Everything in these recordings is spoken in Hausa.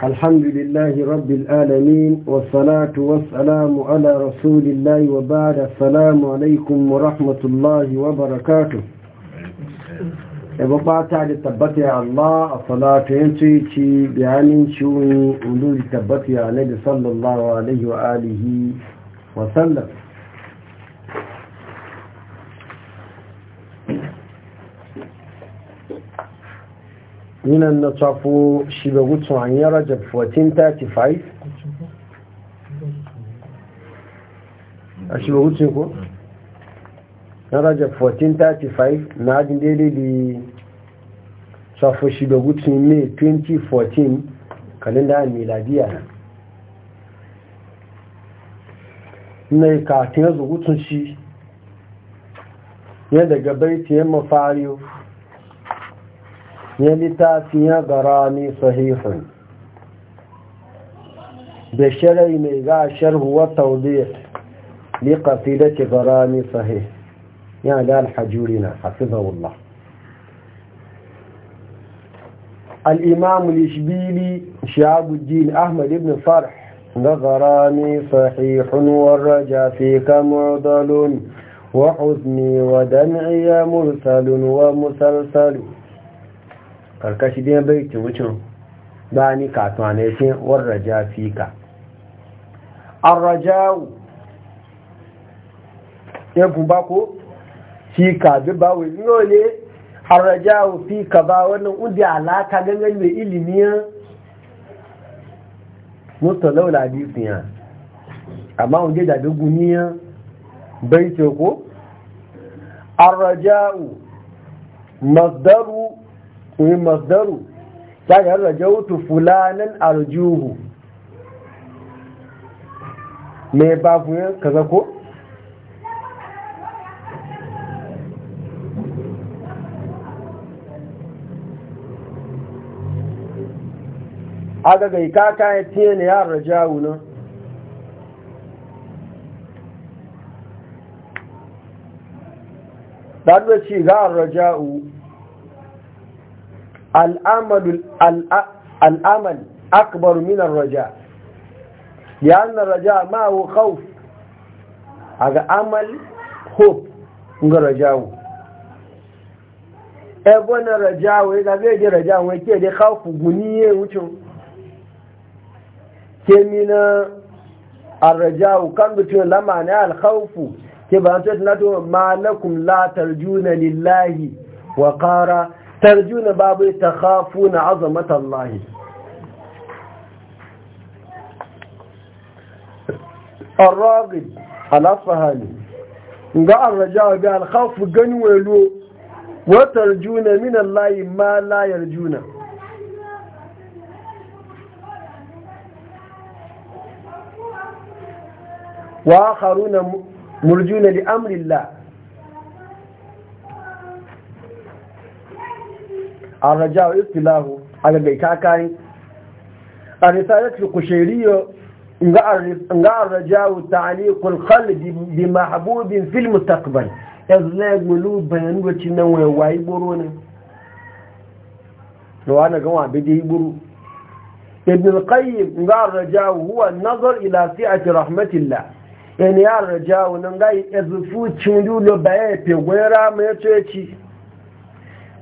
الحمد لله رب العالمين والصلاة والسلام على رسول الله وبعد السلام عليكم ورحمة الله وبركاته يبقى تعالى تبت يا الله الصلاة ينتهي بعامين شوني ولول تبت يا نبي صلى الله عليه وآله وسلم minan na tsafo shigagutun hanyar rajab 1435 a shigagutun ko? na rajab 1435 na adin daidai da tsafo shigagutun may 2014 kalenda miladiya na na katin zugutun shi yadda gabaitin mafariyo يلي تافيا غراني صحيح بشري ميغا شر هو توضيح لقصيدة غراني صحيح يا لا الحجورنا حفظه الله الإمام الإشبيلي شعب الدين أحمد بن صرح غراني صحيح والرجا فيك معضل وحزني ودمعي مرسل ومسلسل karkashi dai bai ki wucin ba ni to ne war raja fika raja ya ba ko ka bi ba wai nole arrajau fika ba wannan udi alaka gangan mai ilimi ya mutu laula bi fiya amma unde da duguniya bai ce ko raja masdaru kuyi masdaru ta ga rajautu fulanin aljuhu. me ba fuye kaza ko aga ga kaka ya tiye ne ya rajawu nan ɗan da ci ga rajawu al'amal akbar minar raja yanar raja ma'awo khawf a ga amal hope ga rajawo ebe na rajawo ya zaɓe ji rajawo ya ke dai khauf guni ya wucin ke mina a rajawo kan mutum lama na khauf ke ba su yi tunato malakun latar juna lillahi wa ƙara ترجون باب تخافون عظمة الله الراغب على فهالي قال رجاء قال خوف قنوة له وترجون من الله ما لا يرجون وآخرون مرجون لأمر الله arraja wa istilahu a gagaita kayan a risalatul kushiriyo nga arraja wa ta'alikul khalbi bi mahabubin fil mustaqbal yanzu ya gulu bayan wacce nan waya, wai wayi buru ne da wani gan wa bidi yi buru ibn alqayyim nga arraja wa huwa nazar ila fi'ati rahmatillah yani ya arraja wa nan gai ezufu cin dulo bayan fegwera mai tsoci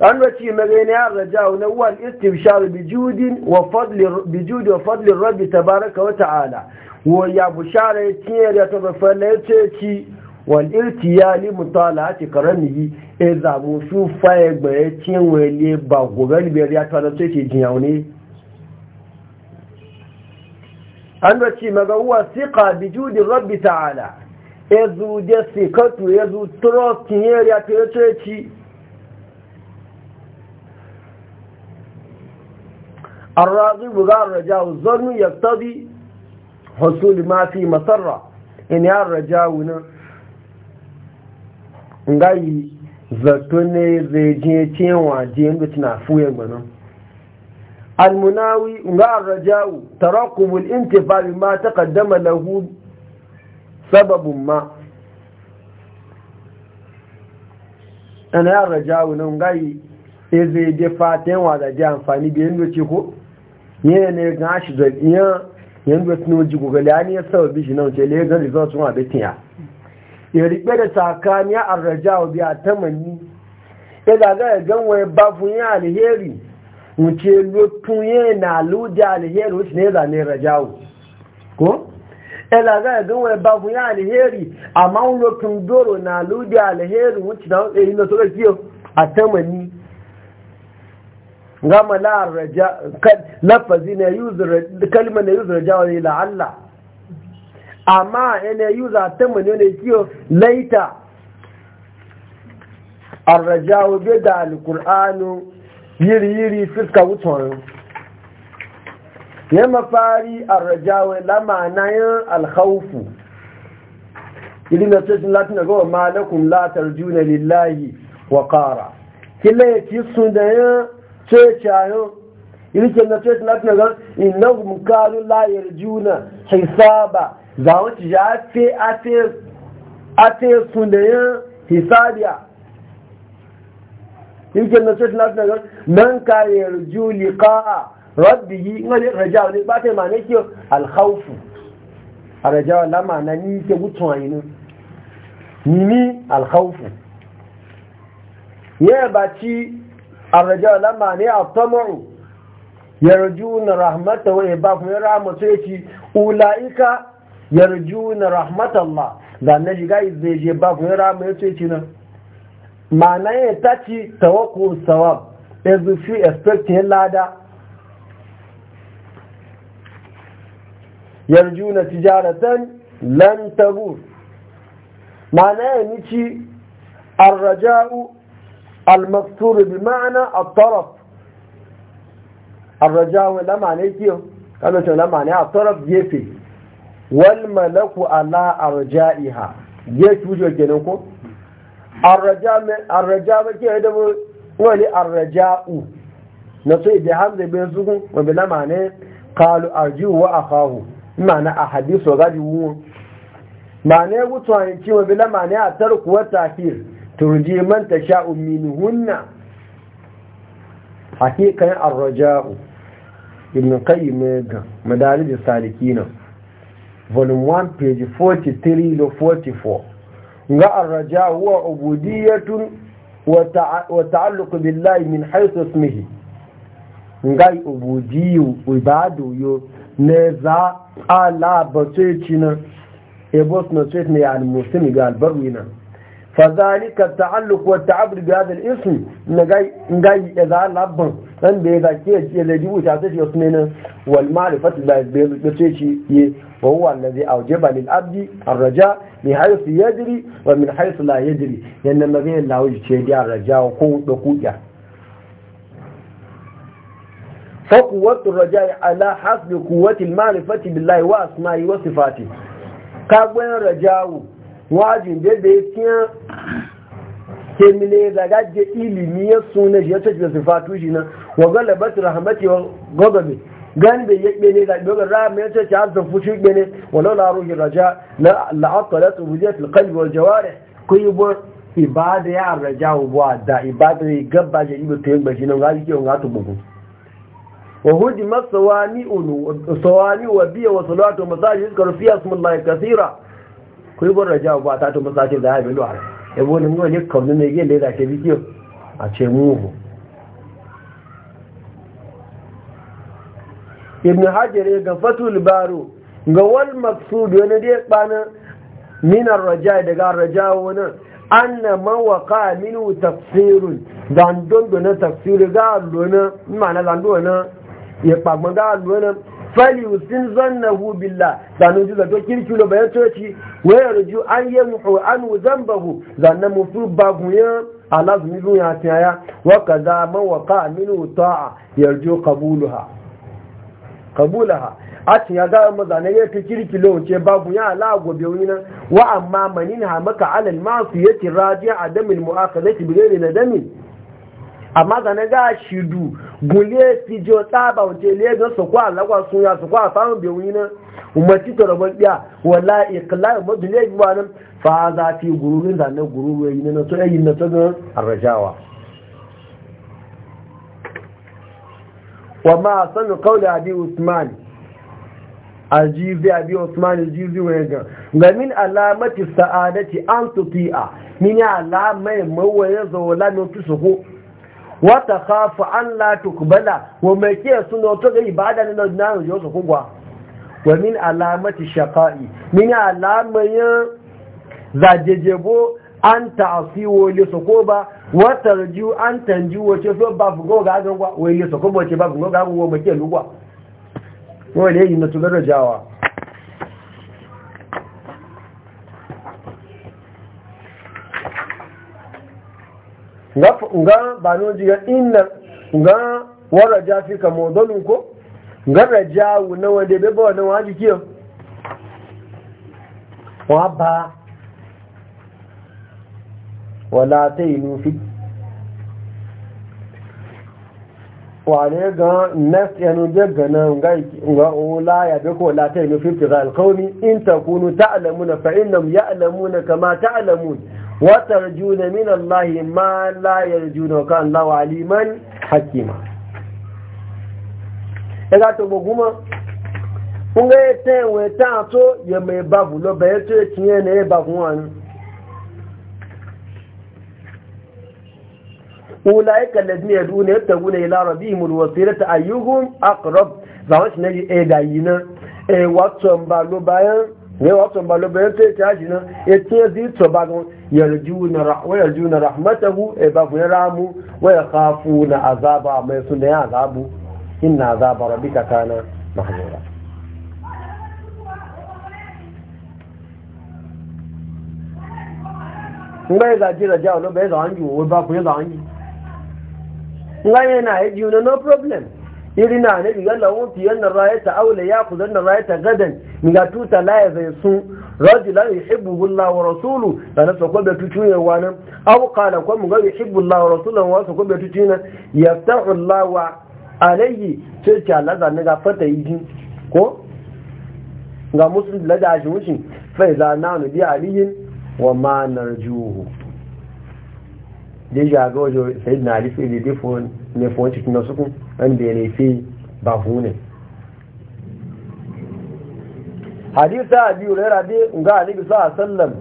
an wace magana ya raja na wal istibshar bijudin wa fadli bijudi wa fadli rabbi tabaraka wa ta'ala wa ya bushara tiye da ta fala yace ci wal irtiyali mutalati karamihi e za mu su fa e gbe ti wele ba gogal be ya ta da ce jiya ne an wace magana wa siqa bijudi rabbi ta'ala ezu da sikatu ezu trust tiye da ta ce ci الراضي بغار رجاء الظن يقتضي حصول ما في مسرة إن يا الرجاء ngai zato ne zai cewa jiyan da tana fuye gbanin almunawi ga rajawu tarakubul intifabi ma taqaddama lahu sababun ma ana ya rajawu nan gai zai fatan wa da jan amfani biyan da ce ko yẹn ne gan aṣọ yẹn yẹn bẹ tún ojú gbogbo ní ẹsẹ̀ òbí ṣì náà ṣe gan result wọn àbẹ tìyà yẹri pé da saka ní àrẹ̀já òbí àtẹ́mọ̀ní ìdàgá ẹ̀gán wọn bá fún yẹn àlìhẹ́rì wọn ṣe ló tún yẹn nà lóde àlìhẹ́rì ó sì ní ìlànà ìrẹ̀já ò kó ìdàgá ẹ̀gán wọn bá fún yẹn àlìhẹ́rì àmọ́ wọn ló tún dòrò nà lóde àlìhẹ́rì wọn ti náà èyí lọ sókè gama lafazi na kalmar na yuzar jawo ne la'alla amma yana yuza ta mani ne kiyo laita arrajawo biyu da alkur'anu yiri-yiri fiska wuton ya mafari arrajawo lamanayin alhaufu ili na cikin latin da gawa malakun latar juna lillahi wa ƙara kila ya ci sun sai cayo yirkin na sai na tunaga innahum kanu la yarjuna hisaba za wacce ya fi ate ate sun da yin hisabiya yirkin na sai na tunaga nan man ka yarju liqa'a rabbihi ngale raja wani ba ta yi mana ki alhaufu a raja wani lama na ni ke gutun ayin ni ni alhaufu khawf ba ci الرجاء لما ني الطمع يرجون رحمته ويباكم رحمته يتي أولئك يرجون رحمة الله لأن نجيغا زي يباكم رحمته يتينا معنى يتاتي توقع الثواب إذ في expecting هلادا يرجون تجارة لن تبور معنى يتي الرجاء المفتور بمعنى الطرف الرجاء ولا معنى كيو قالوا شو لا معنى الطرف يفي والملك على أرجائها يش وجه جنوكو الرجاء الرجاء كيو هذا ولي الرجاء نصي بحمد بن سكون وبلا معنى قالوا أرجو وأخاه معنى أحاديث وغادي معنى وتوانتي وبلا معنى الترك والتأخير turji man ta sha'u minhunna hakikan ar-raja'u ibn qayyim ga madarij salikin volume 1 page 43 to 44 ga ar-raja'u huwa ubudiyatun wa ta'alluq billahi min haythu ismihi ngai ubudiyu ibadu yo ne za ala bacecina cinan ebos na sweet al-muslim ga al-barwina فذلك التعلق والتعبد بهذا الاسم نجاي نجاي اذا لب ان بيدا كيتي الذي وتاتي يسمينا والمعرفه بيتشي وهو الذي اوجب للعبد الرجاء من حيث يدري ومن حيث لا يدري لان ما بين الله وجه دي الرجاء وكو دكويا فقوة الرجاء على حسب قوة المعرفة بالله وأسمائه وصفاته كابوين رجاؤه wajin da bai tiya kemine daga je ilimi ya suna shi ya tafi sifatu shi nan wa galabat rahmati wa ghadabi gan da yake ne da dogon rahama ya tafi azan fushi ne walau la ruhi raja la la'aqalat wujat alqalb wal jawarih kuyibo ibada ya raja wa da ibada ya gabba je ibo to yamba shi nan ga yake ga to bugu wa hudimat sawani ulu sawani wa biya wa salatu masajid kafiya ismullahi kathira kuyi rajawa ba ta to masashi da ya bi ya bo mu wani kaunin ne yele da ke bidiyo a ce muhu ibn hajjar ya ga fatu baro ga wal maqsud na dai bana minar ar-raja daga rajawa wani an na mawaka minu tafsirun dan don don tafsir ga alona. ma'ana dan don ya pagma ga alona. fali usin hu billa sanu ji zato kirki lo bayan coci waya ruju an yi muhu an zambahu zannan ba guya ala zumi duniya ta yaya wa kaza man ka aminu ta'a yarju kabuluha qabulaha a cin ya zama maza ne ya ta kirki ce ba guya ala gobe wina wa amma manin ha maka alal masu yake rajiya a damin mu'aka na na damin amma zane ga shidu gule fijo tsaba wace le ga su kwa lagwa sun ya su kwa samun bewuni na umarci ta rabon biya wala ikla ma ne, bi wannan fa za fi gururin zane gururu yi na to yayi na to ga arrajawa wa ma sanu qawli abi usman aljizi abi usman aljizi wa ga gamin alamati sa'adati an tuti'a min alamai mawaye zawla no ko. wata khafu Allah tukbala wa mai ke suna to ga ibada na nan yau su kungwa wa min alamati shaqa'i min alamayin zajejebo an tafi wa li sokoba wa tarju an tanju wa ce so ba fugo ga gangwa wa li sokoba ce ba fugo ga gangwa mai ke lugwa wa ne yi na tugar jawa nga ba no jiga inna nga wara ja fi ka modolun ko nga raja wu na wade be ba na waji kiyo wa ba wala ta tainu fi wane ga nas yanu daga nan ga ula ya be ko la tainu fi tira alqawmi in takunu ta'lamuna fa innahum ya'lamuna kama ta'lamun watarjuna min Allah ma la yarjuna ka Allah aliman hakima ega to goguma unga ete we tato ye me babu lo ya to tiye ne babu wan ulaika alladhina yad'una yabtaguna ila rabbihim alwasilata ayyuhum aqrab zawash ne e dayina e watson ba lo bayan ne wa tun balo bayan sai ta shi nan ya ce to ba gon yarjuna rahmatahu e ba ku ramu wa yakhafuna azaba mai sunna ya azabu inna azaba rabbika kana mahzura ngai za jira jawo lo bai za anju wa ba ya za anju na no problem irina na diga lawon fiyan na raya ta aula ya ku zanna raya ta gadan ga tuta laye zai su rajulan yuhibbu Allah wa rasulu da na sako da tutuye wani aw qala ko mu ga yuhibbu Allah wa rasulun wa sako da ya yaftahu Allah wa alayhi sai ta Allah zanna ga fata yi ko ga musu da da shi wucin fai za na nu biya aliyin wa ma narjuhu dai ga gojo sai na alifi da difon ne fon cikin sukun an ya nufi ba hu ne hadisa biyu urera bi ga alibi sa alaihi wasallam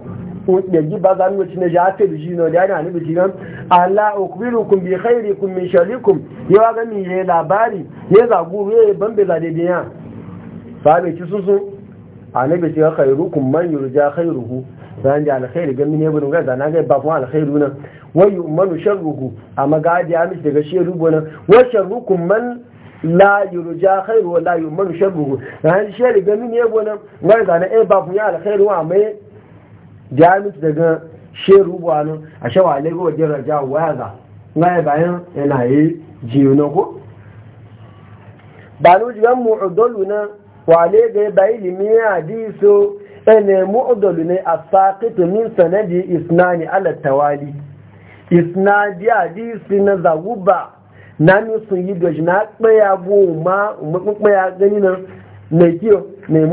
yaji ba zan wuce ne ja ta biji na da alibi ji nan ala kun bi kun min sharikum yawa ga ya yi labari ya zagu ya ya bambe za daidai ya sabe ci susu ya ji manyan man yurja khairuhu zan ji alkhairi ga mine burin gaza na ga ba kuma alkhairu nan wai umanu sharruhu a magadi ya mishi daga sheru gona wa sharrukum man la yurja khairu wa la yumanu sharruhu ran sheri ga mine gona gaza na eh ba ya alkhairu wa mai ya mishi daga sheru gona a shawa lego wajen raja waza ngai bayan yana yi jiyo ko ba nu jigan mu'udulu na wale ga bayi limi hadisu ene mu'dalu ne a min sanadi isnani ala tawali isnadi hadisi na zaguba na ni sun yi gaji na tsaya bu ma makwaya gani nan mai kiyo mai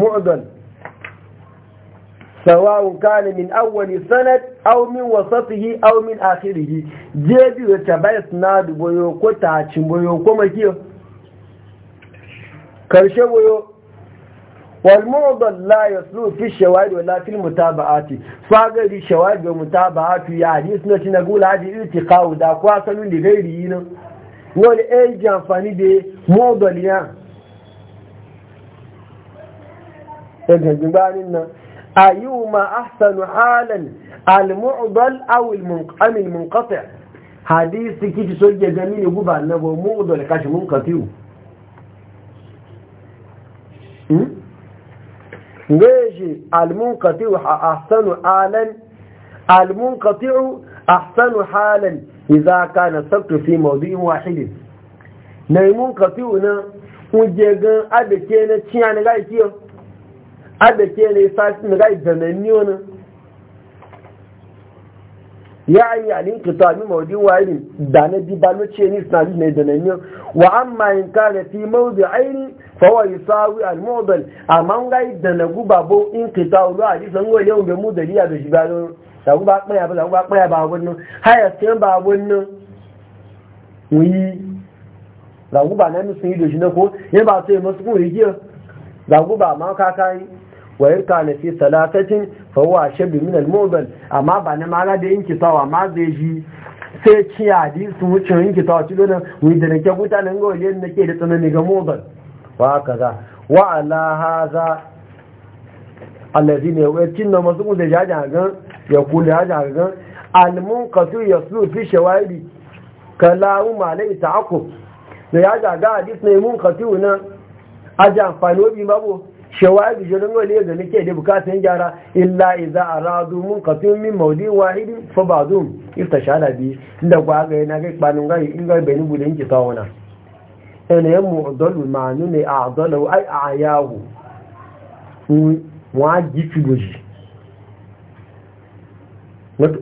Sawa sawa'un kana min awwali sanad aw min wasatihi aw min akhirihi je bi da tabai isnadu boyo ko tacin boyo ko makiyo karshe boyo والمعضل لا يسلو في الشواهد ولا في المتابعات فاقد الشواهد والمتابعات يعني اسمتي نقول هذه ارتقاء دا قواصل لغيرهن wọ́n ẹ́ jẹ́ àǹfàní dé mọ́ọ̀dọ̀lì náà ẹgbẹ̀gbẹ̀ bá nínú àyíwò ma áṣànù hálàn alìmọ́ọ̀dọ̀l awìlmùnkọ́fẹ̀ hadisi kìtì tó jẹ́ gẹ́mí ní gúbà náà mọ́ọ̀dọ̀lì káṣì mún kàtíwò meji almunkati'u ahsanu alan almunkati'u ahsanu halan idza kana sabtu fi mawdi'in wahid nay munkati'u na uje gan adake na ciya na ga kiyo adake ne sa na ga dananni wannan ya an yi alin kita mi maudi wani da na bi ba nace ni sanadi ne da nan wa amma in kana fi mawdi aini fa yi yusawi al a amma ngai da na guba bo in kita lu ali san go yau be mu da riya da shiga don da guba kpaya ba da guba kpaya ba wannan haya sai ba wannan wi da guba nan sun yi da shi na ko yan ba sai masu ko rigiya da guba ma ka yi. wa in kana fi salatatin fa huwa shabi da yinki sai ci hadi su wuce da nake guta nan nake da tsanani ga mobal wa kaza wa ala hadha alladhina yawatin na masu da jaja ga ya kula jaja ga yaslu fi kalamu da ya hadis ne aja cewa ya gije don wani yadda nake da bukatun gyara illa iza a radu mun kafin min maudi wa fa ba zuwa ifta shala biyu inda kwa ga yana kai kpanin gari in gari bayan budin ki sauna ina yan mu'adalu ma nuna a adalu ai a yahu wa gifi goji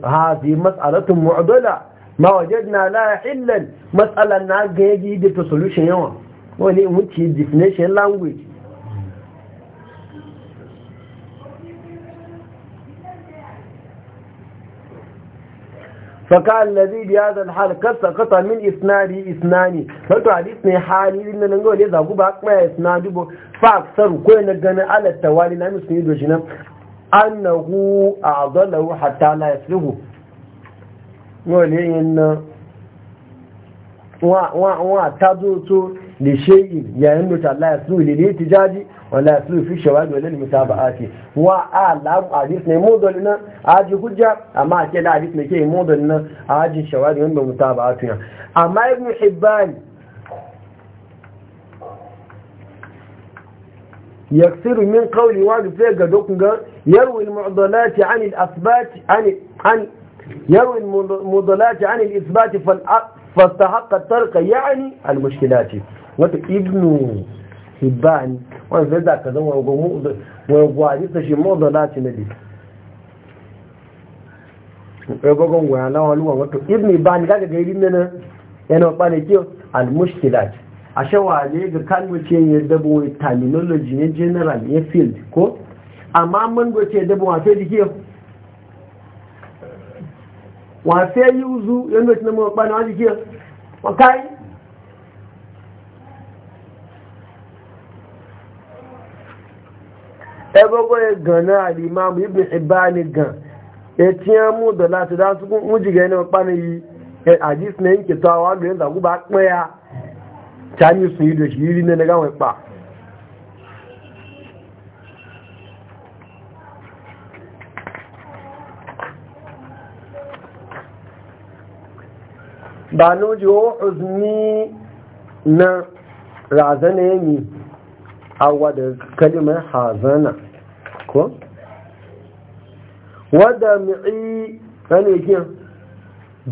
ha fi mas'alatun mu'adala ma waje na la illan matsalan na gaji da ta solution yawa wani mutu definition language فقال الذي بهذا الحال قد سقط من اسناده اسناني فتو حديث ne hali din nan ga wale zagu ba kuma isnadu bo fa aksar ko ne gane ala tawali na musu yido shi nan annahu a'dalahu hatta la yasluhu wale yin nan wa ta zo so da shayi yayin da Allah ya suru lili tijaji wala ya suru fi shawadi wala lil wa alam hadis ne modal aji hujja amma ke da hadis ne ke modal na aji shawadi wanda mutaba'atu ya amma ibn hibban يكثر من قولي واحد فيه قدوك يروي المعضلات عن الأثبات عن عن يروي fastahaqqa tarka yani almushkilati wata ibnu hibban wanda da ka zama gomu wai gwari ta shi mudalati nabi ko gogon gwana walu wato ibnu hibban kaga gairi nan yana bane kiyo almushkilati Ashe wa ne ga kalmace ya dabo terminology ne general ne field ko amma mun goce dabo a sai dikiyo wọ́n fẹ́ yíúzú yóò tí mọ́ pàdé wọ́n ti kí wọ́n káyí ẹgbogbo ẹgàn náà alìmáàmù ibi ìbá ní gàn ẹtí ẹ mú dọ̀lá ti dá yi mú jìgẹ̀ ẹni yi yìí àdísìn ẹ̀yìn kìtọ́ àwọn àgbẹ̀ ba pẹ́ ya tí a ní sùn ìdòṣì ne rí nẹ́nẹ́gáwọn ìpà ba noji o na razana ya mi awa da kalimar hazana ko? wadda mi'i wani yin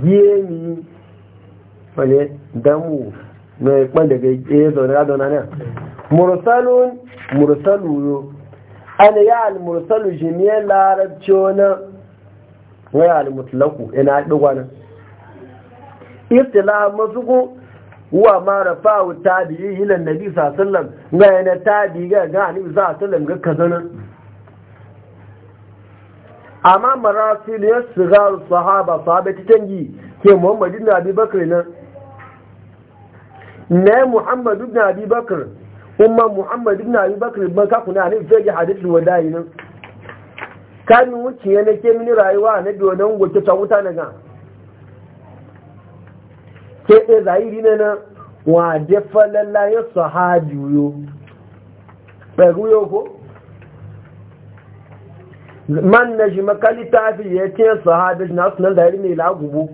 giye mi wale damu mai kwan daga ya zaune adona nan mursalun mursalu yo an yi al-mursalu jimiyar larabci wani wani al-mutlaku ina ɗigwa nan ibtila masu wa mara fawo tabi'i ila nabi sallallahu alaihi wasallam ga yana tabi'i ga gani bi sasallam ga kazanin amma mara ya sigar sahaba ta tangi ke Muhammadu na bi bakr nan ne muhammadu na bi bakr umar muhammadu na bi bakr ban ka kuna ne sai yi wadai nan kan wuce yana ke mini rayuwa na donan gote ta wuta na gan ke ɗaya zahiri ne na wade falalla ya sahabi yo ɗaru yau ko man na shi makali fi ya ce shi na sunan zahiri ne lagubu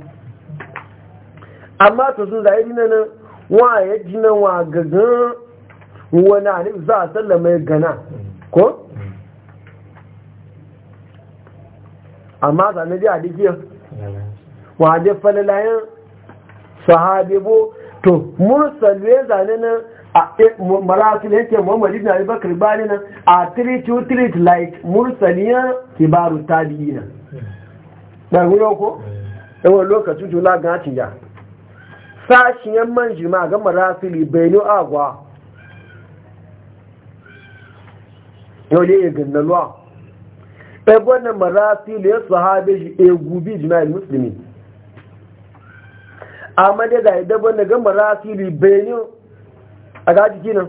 amma to sun zahiri ne na wa ya ji na wa gagan wani alif za a tsalla mai gana ko amma zane ji a dikiyar wade falalla ya Sahabe bo to mursal ne zane nan a e, marasul yake muhammad ibn abi bakr bani nan a treat you treat like mursaliya kibaru tabi'ina da guyo ko yawan eh. lokacin jula ga tiya sashiyan man jima ga marasili bainu agwa yau ne ganna luwa ebe wannan marasili ya e ya egubi jima'il musulmi. amma dai da yadda wanda ga marasili benin a ga jiki nan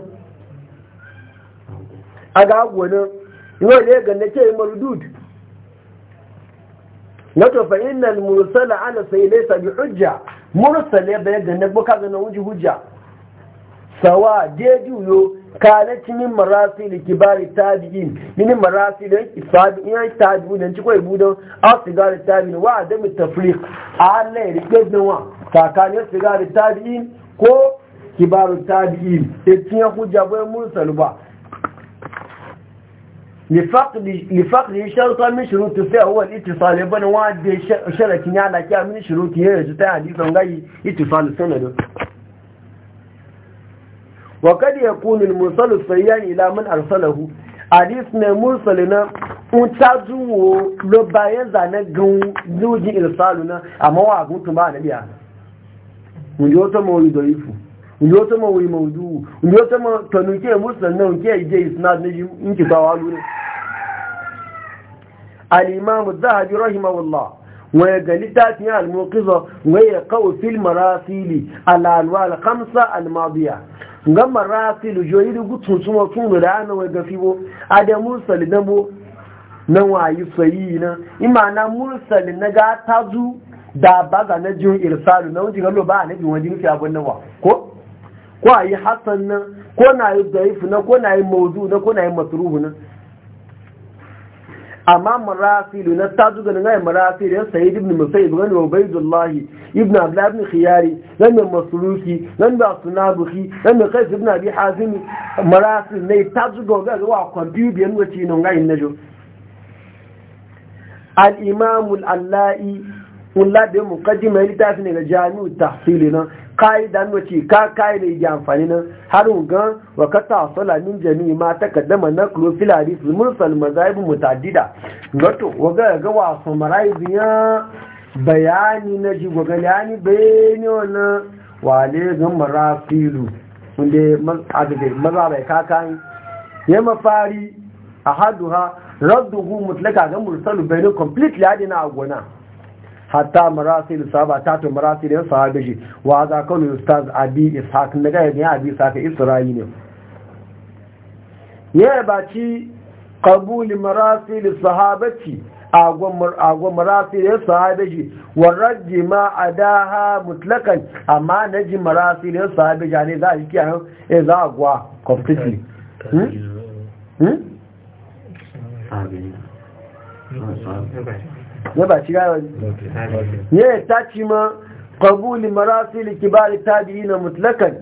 a ga gwanin yau ne ga na ce yi dudu na tofa ina mursala ana sai ne sabi hujja mursala bai ga na buka ga na wuji hujja sawa na ci min marasili kibari tabi'in min marasili sabi'in tabi'in dan ci kawai budan asigar tabi'in wa adami tafriq a hannun ya rike wa kakanin sigarin tabi'in ko kibarun tabi'in etin ya hujja bayan mursal ba lifakli shartar min shirutu sai a huwa itisal ya bani wadda sharakin ya laƙiya min shirutu ya yanzu ta hadisan gayi itisal sanadu wakadi ya kuni mursalu sayan ila min arsalahu hadis ne mursali na un ta zuwo lo bayan zane gan lojin irsalu na amma wa agutun ba na biya ndio tama wani dhaifu ndio tama wani maudu ndio tama tanuke musnad na unke ije isnad ne inki tawalu ne al-imam adh-dhahabi rahimahullah wa galita tiya al-muqiza wa yaqaw fil marasil al-anwa al-khamsa al-madiya ngam marasil joyidu gutsun suma tunu da ana wa gafibo na salidabo Na wayi sayina imana mursal na ga tazu da ba ga na jin irsalu na wajen galo ba a nabi wajen fiye abin nawa ko ko a yi hassan nan ko na yi daif na ko na yi mawuzu na ko na yi masuruhu na amma marafilu na ta zuga nan yi marafilu ya sayyid ibn musayyib ibn ubaidullahi ibn abdullah ibn khiyari nan da masuruki nan da sunabuhi nan da kais ibn abi hazimi marafilu ne ta zuga ga wa kwambiyu biyan wace nan ga jo. al-imam al-allai kula da mukaddima ya littafi ne ga jami'u tahsili nan kai da nwaci ka kai ne ya amfani nan har ga wa ka sala min jami'i ma ta kaddama na klofil hadis mursal mazaib mutaddida Gato, wa ga ga wa samarai biya bayani na ji wa galani bayani wannan wale ga marafilu wanda maza bai kakan ya mafari ahaduha radduhu mutlaka ga mursalu bayani completely adina a gona hatta marasil sahaba ta to sahaba shi wa za ka ne ustaz abi ishaq ne ga ne abi saka isra'ila ya ba ci qabul marasil sahabati agwa shi sahabeji warajji ma a daha mutlakan amma na ji marasirin sahabeji ne za a ji kiyayen e za a gwa completely hmm? ya ba ci gawa ya yi ci ma ƙabuli marasilu kibari tabi'i na mutlakan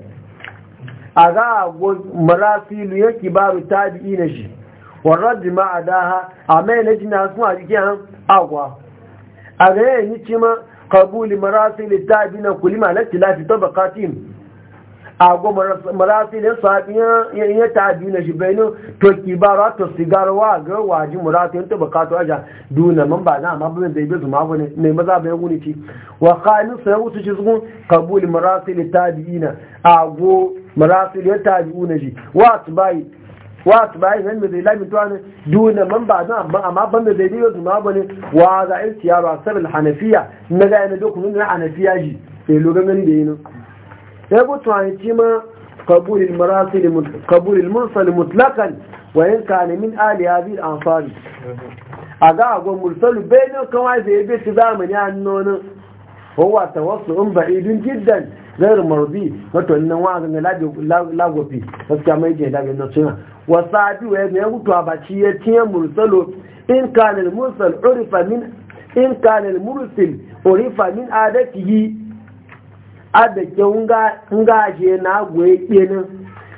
a ga marasili ya kibaru tabi'i na shi warar ma a daha a mai na jina sun a jikin agwa a ga yanyi ci ma ƙabuli marasilu tabi'i na kulima na tilafi tabakatim ago marasi da safiya ya ta biyu na shi benin to kibara to sigarwa ga waji marasi ta bukatu aja duna man ba na mabu zai bi zuma ne mai maza bai wuni ci wa khamis ya wuce shi zugun kabul marasi da na ago marasi ta tabiuna shi wasu bayi wa atbai nan mai lamin tuwa ne duna man ba zan amma amma ban da zai bi zuma ne wa za'il siyarwa sar hanafiya na gaya na dokunin hanafiya shi sai logan gani da nan يبطو عن اتما قبول المراسل قبول a مطلقا وإن كان من آل هذه الأنصار أقا أقول مرسل بينه كما يبيت ta wasu هو توسع بعيد جدا غير مرضي wato nan wa ga lagofi gaskiya mai je daga nan suna wasabi wa ne mutu abaci ya tiyan mursalo in kana mursal urifa min in kana al mursil urifa min adatihi Ada ke nga je na goye kenan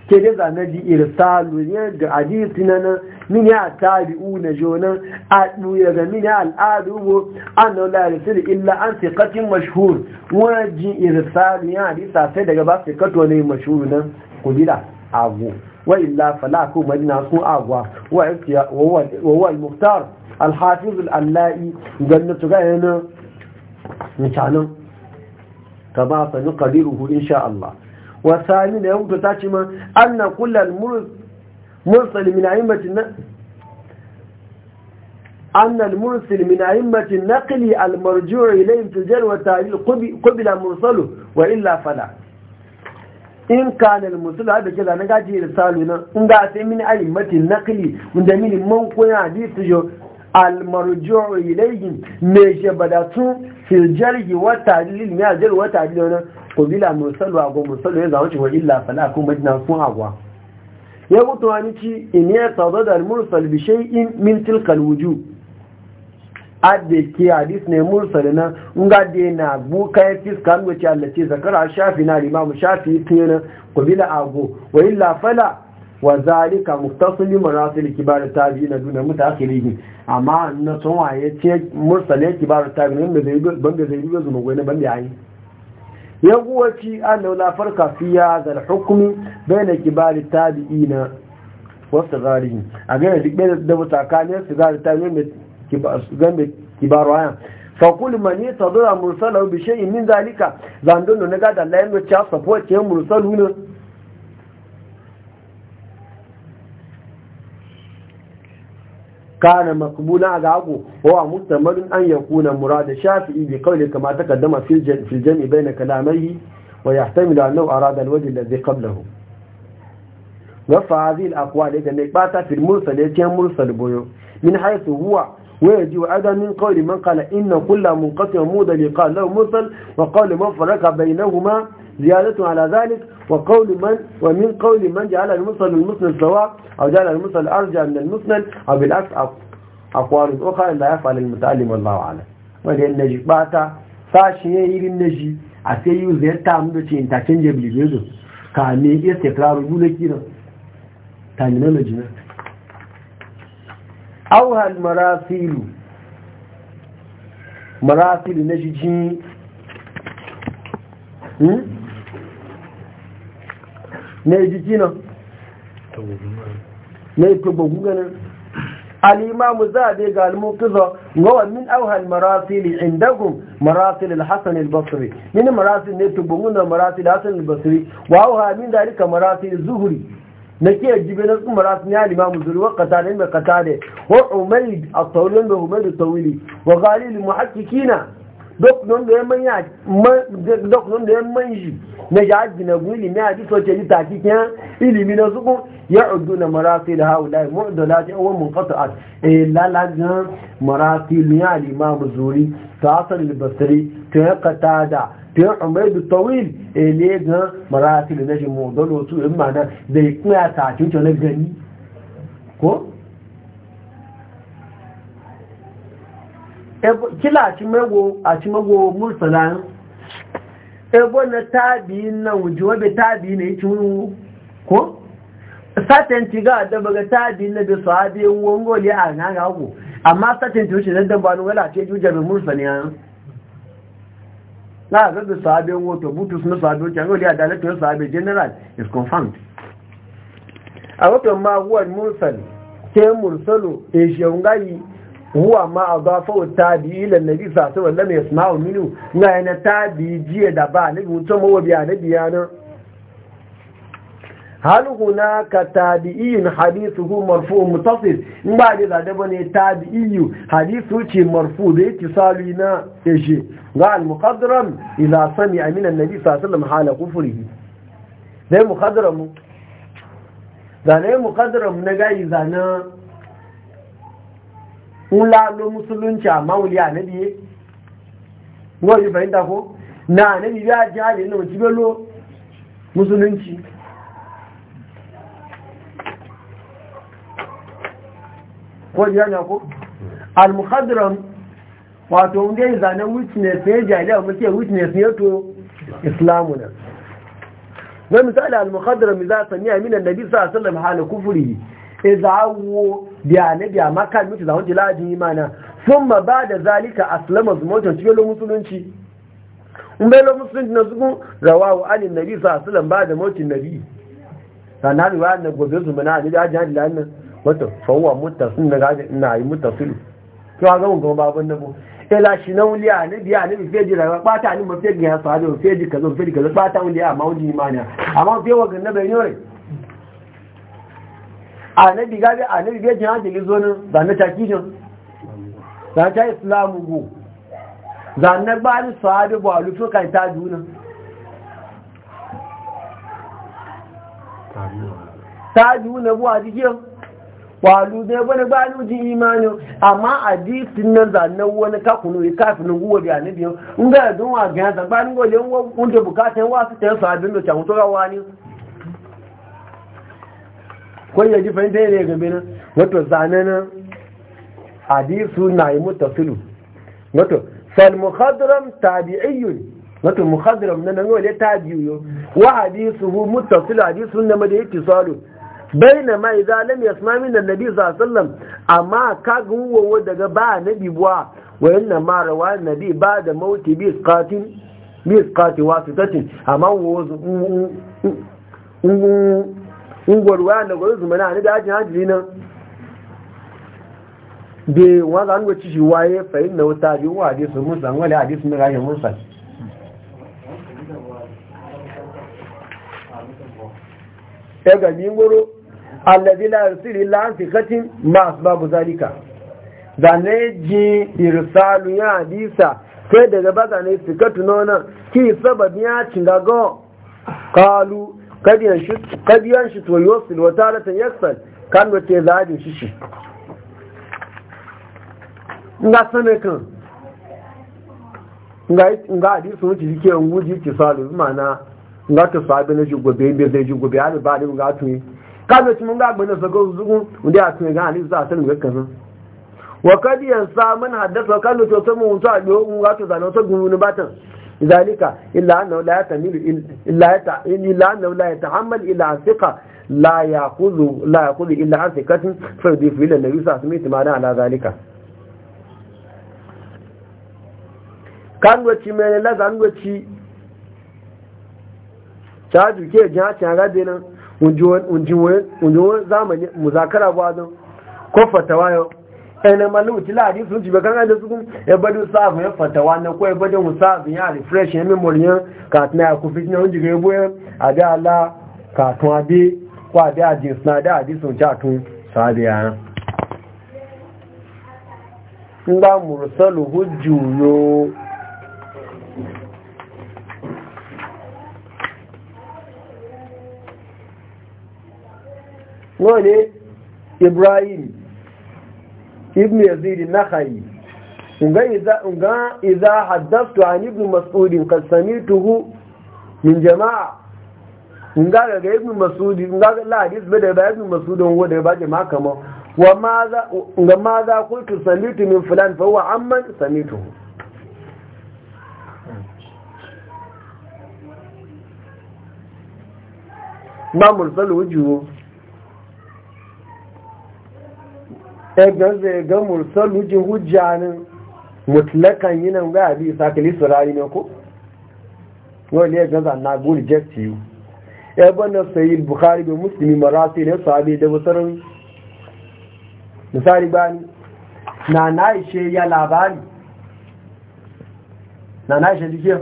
ke da zane ji irsalu ne ga hadisi na nan min ya tabi'u na jona a duya ga min ya al'adu bo an la yarsil illa an siqatin mashhur waji irsalu ya hadisa sai daga ba siqato ne mashhur nan kubira abu wa illa fala ku madina ku agwa wa wa huwa muhtar al-hafiz al-allai ganna tuga yana mutanen kama sa ni qadiruhu sha Allah wa salina yau ta ce ma anna Kullar mursal min a'immati anna al mursal min a'immati naqli al marju' ilayhi fi jal wa mursalu wa illa fala in kana al mursal hada kaza na gaji irsalu na in ga sai min a'immati naqli wanda min man kunya hadithu almarju'u ilayhim me je badatu fil jarhi wa ta'lil ya jarhi wa ta'lil na qubila mursalu ago musallu ya zawo wa illa fala kun majna sun agwa ya gutu ani ci in ya tadada al mursal bi shay'in min tilka al wujuh adde ki hadis ne mursal na nga de na bu kai fiskan wace Allah ce zakara shafi na imam shafi tuna qubila ago wa illa fala wa zalika muftasili marasil kibar tabi'ina duna mutaakhirihi amma na son waye ce mursale kibar tabi'in da zai banga zai rubuta mu goyi ban yayi ya guwaci annahu la farka fiya hadha al-hukm bayna kibar tabi'ina wa sigarihi a ga duk da mutakanin sigari tabi'in kibar kibar wayan fakul mani tadura mursalahu bi shay'in min zalika zandon na ga da layin wacce support ce mursalu ne kana makbuna ga ago ko a mustamalin an yakuna murad shafi'i bi kawli kama ka dama jami' fil jami' bayna kalamihi wa yahtamil annahu arada alwajh alladhi qablahu wa fa hadhihi alaqwal idan ne bata fil mursal ya ce mursal boyo min haythu huwa wa yaji wa adam min qawli man qala inna kullu munqati wa mudali qala law mursal wa qala man faraka bainahuma زيادة على ذلك وقول من ومن قول من جعل المسند المسند سواء أو جعل المسند أرجع من المسند أو بالعكس أقوال أخرى لا يفعل المتعلم والله أعلم ولأن نجيب باتا فاشيين يري النجي أتي يوزير تعمل بشي interchangeably جيزو كامي استقرار بولكينا terminology na auhal marasilu marasilu na jijin na jiki na yi tubagu ganin al'imamu za a dai ga almukizo gawa min auhal marasili indagum marasil al-hassan al-basri ne tubagu na marasil hassan al-basri wa auha min dalika marasil zuhuri na ke jibe na alimamu zuri wa kata mai kata da wa umari a taurin da umari taurili wa galil muhakkikina dokunan da ya manya dokunan da ya manji na jaji na guli ne a ji soce ni tafi kiyan ilimi na suku ya uddu na marasi da haula mu'dala ta wa munqata eh lalajan marasi ni al-imam zuri ta asal al-basri ta qatada ta umaidu tawil eh ne ga marasi da naji mu'dalo su in ma da zai kuma ta cin to na gani ko kila a ci mago mursalan ebo na tabi na wuji wabe tabi na yi tunu ko? satin ti ga da baga tabi na bi sahabi wongo li a na ga ku amma satin ti wuce da dan banu wala ce juja bi mursali an na ga bi sahabi woto butus na sahabi kan wali adalatu su sahabi general is confirmed a wato ma huwa mursal ke mursalu e shungayi huwa ma a zafa wa tabi ilan nabi sasu wallan mai suna minu na yana tabi jiya da ba na mutum mawa biya na biya na. hal huna ka tabi'in hadithuhu marfu mutasil in ba da zada bane tabi'iyu hadisu ce marfu da yake sali na yashi ga al muqaddaram idza sami min annabi sallallahu alaihi wasallam hala kufrihi dai muqaddaram da ne na ga idza ńlá ló musulunci àmá wuli ànábi yé wọ́n yóò fahimta ko na ànábi bí a jẹ́ àdé náà tí bẹ́ musulunci kó jẹ́ àná kó al-mukhadram wato wunde zanen witness ne jaliya muke witness ne to islamu na wani misali al-mukhadram za a sami amina nabi sallallahu alaihi wasallam hala kufuri e biya ne biya maka mutu zawon jiladin imana sun ma ba da zalika aslama zumotan cikin lo musulunci in bai lo musulunci na zugun rawawo ali nabi sa asalan ba da motin nabi sana riwa na gobe su mana ne da jihar da nan wata fawwa mutasin na gaji ina yi mutasilu to ga mun gaba babun nabo ila shi na wuliya ne biya ne bi feji rayuwa bata ni ba feji ya sa da feji kazo feji kazo bata wuliya amma wani imani amma fewa ga nabai ne anabi gabi anabi bai jin hankali zonin na ta kijin zane ta islamu go zane ba ni sahabi ba lufin kan ta juna ta juna bu a jikin walu zai bane ba ni ji imani amma a jikin nan zane wani kakunu ya kafin nan guwa biya in ga wa ba ni bukatan ta sahabin da ko yaji ji fahimta ne game nan wato zane na hadisu na yi mutasilu wato sal muhadram tabi'iyyun wato muhadram na nan wale tabi'iyyo wa hadisuhu mutasilu hadisu na ma da yake salu baina ma idza lam suna min Nabi sallallahu alaihi sallam, amma ka gunwo daga ba nabi buwa wa na mara rawa nabi ba da mauti bi qatin bi wasu wasitatin amma wo ungwar waya da gwaro zuma na da ajin hajjiri nan da wanda an gwaci shi waye fahim na wuta biyu wa hadisu musa an wale hadisu na rashin musa ya e gami gwaro allazi la yursili la an fikatin ma asbabu zalika zane ji irsalu ya hadisa sai daga ba na fikatu nona ki sababin ya cinga go kalu kad yan shi to yosil wa taratan yaksal kan wace zaɗin shi shi nga sane kan nga sun ci shi ke wuji ki salu mana nga ta sabi na jigobe bai zai jigobe ya ba da nga tuni kan wace mun ga gbana sago zugun wanda ya tuni ga hadisu za a sani ga kan wa kad yan sa mun haddasa kan wace wata mun wuta a biyo mun ga ta zane wata gumi batan ذلك إلا أنه لا يتميل إلا يتع... إلا أنه لا يتحمل إلا عن ثقة لا يأخذ لا يأخذ إلا عن ثقة فيضيف إلى النبي صلى الله عليه وسلم على ذلك kan wace mai lazan wace ta duke jiha ce a gabe nan unjiwon zamani muzakara ba don ko fatawa yau ẹnẹ malu ti láàrin sun jùbẹ̀ kan ẹjọ́ tukún ẹgbẹ́dù sáàbù yẹn fàtàwà nẹ́kọ́ ẹgbẹ́dù wọn sáàbù yẹn àrífẹ́ṣì ya mímọ̀ yẹn kàtún àkó fitinà oúnjẹ rẹ̀ bó yẹn àdé alá kàtún adé kó adé àdìsùn adé àdìsùn jàtún sáàbù yẹn. ńgbà mùrùsọ́lù ó jù yó ibrahim ibn yazid na unga idza unga idza haddathtu an ibn mas'ud qad sami'tuhu min jama'a unga ga ibn mas'ud unga la hadith bada ba ibn mas'ud da ba jama'a kama wa ma za unga ma min fulan fa huwa amman sami'tuhu ma mursal wujuhu ɗagar zai ga mursalu ji hujja nan mutlakan yi nan ga abi sa kali surari ne ko wani ya gaza na go reject you ya e bana sayi bukhari da muslimi marasi da sahabi da musarin misali bani na na ishe ya labari na na ishe jikiya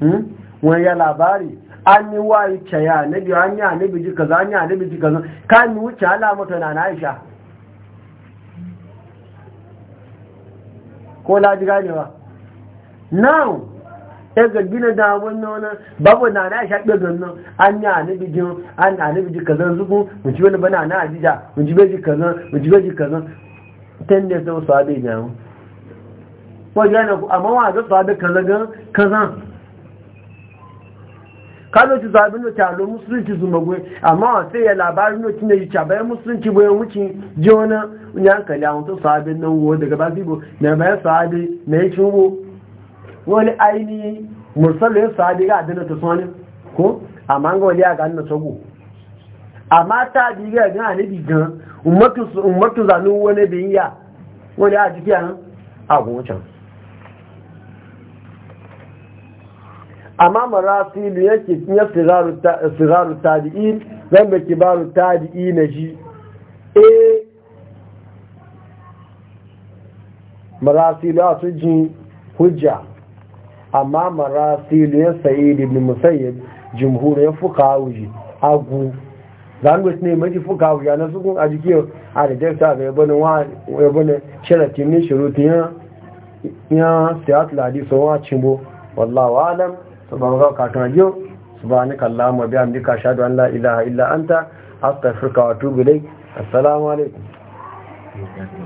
hmm? wani ya labari an yi wa yi caya na biyu an yi anabi ji kaza an yi anabi kaza kan yi wuce alamata na na N'Aisha. ko laji ganewa now ya gina da wannan nan babu na na sha ɗaya gannan an yi anabi jin an anabi ji kazan zuku mun ci wani bana na ajiya mun ci beji kazan mun ci beji kazan ten days don su abin yawon wajen yana ku amma wa ga su abin kazan kazan kano ci zaɓi no talo musulunci su magwai amma sai ya labarin no kina yi cabai musulunci bai wuce ji wani yan kali an to sahabi nan wo daga ba zibo na bayan sahabi na yi wuwo wani aini mursalo ya sahabi ga adina ta sani ko amma ga wani ya ga na sago amma ta bi ga gina ne bi gan ummatu zanu wani ya wani a jiki an a gocan amma marasilu yake ya siraru tadi'i zan da kibaru tadi'i na ji e marasilu a su ji hujja amma marasilu ya sayi da ibn musayyib jimhur ya fuka wuji agu zanwes ne maji fuka wuya na sukun a jiki a da jefta ga yabonin sharatin ne shirutun ya siyatu ladi sun wa cimbo wallawa alam سبحان الله كاتنجيو سبحانك اللهم وبحمدك أشهد أن لا إله إلا أنت أستغفرك وأتوب إليك السلام عليكم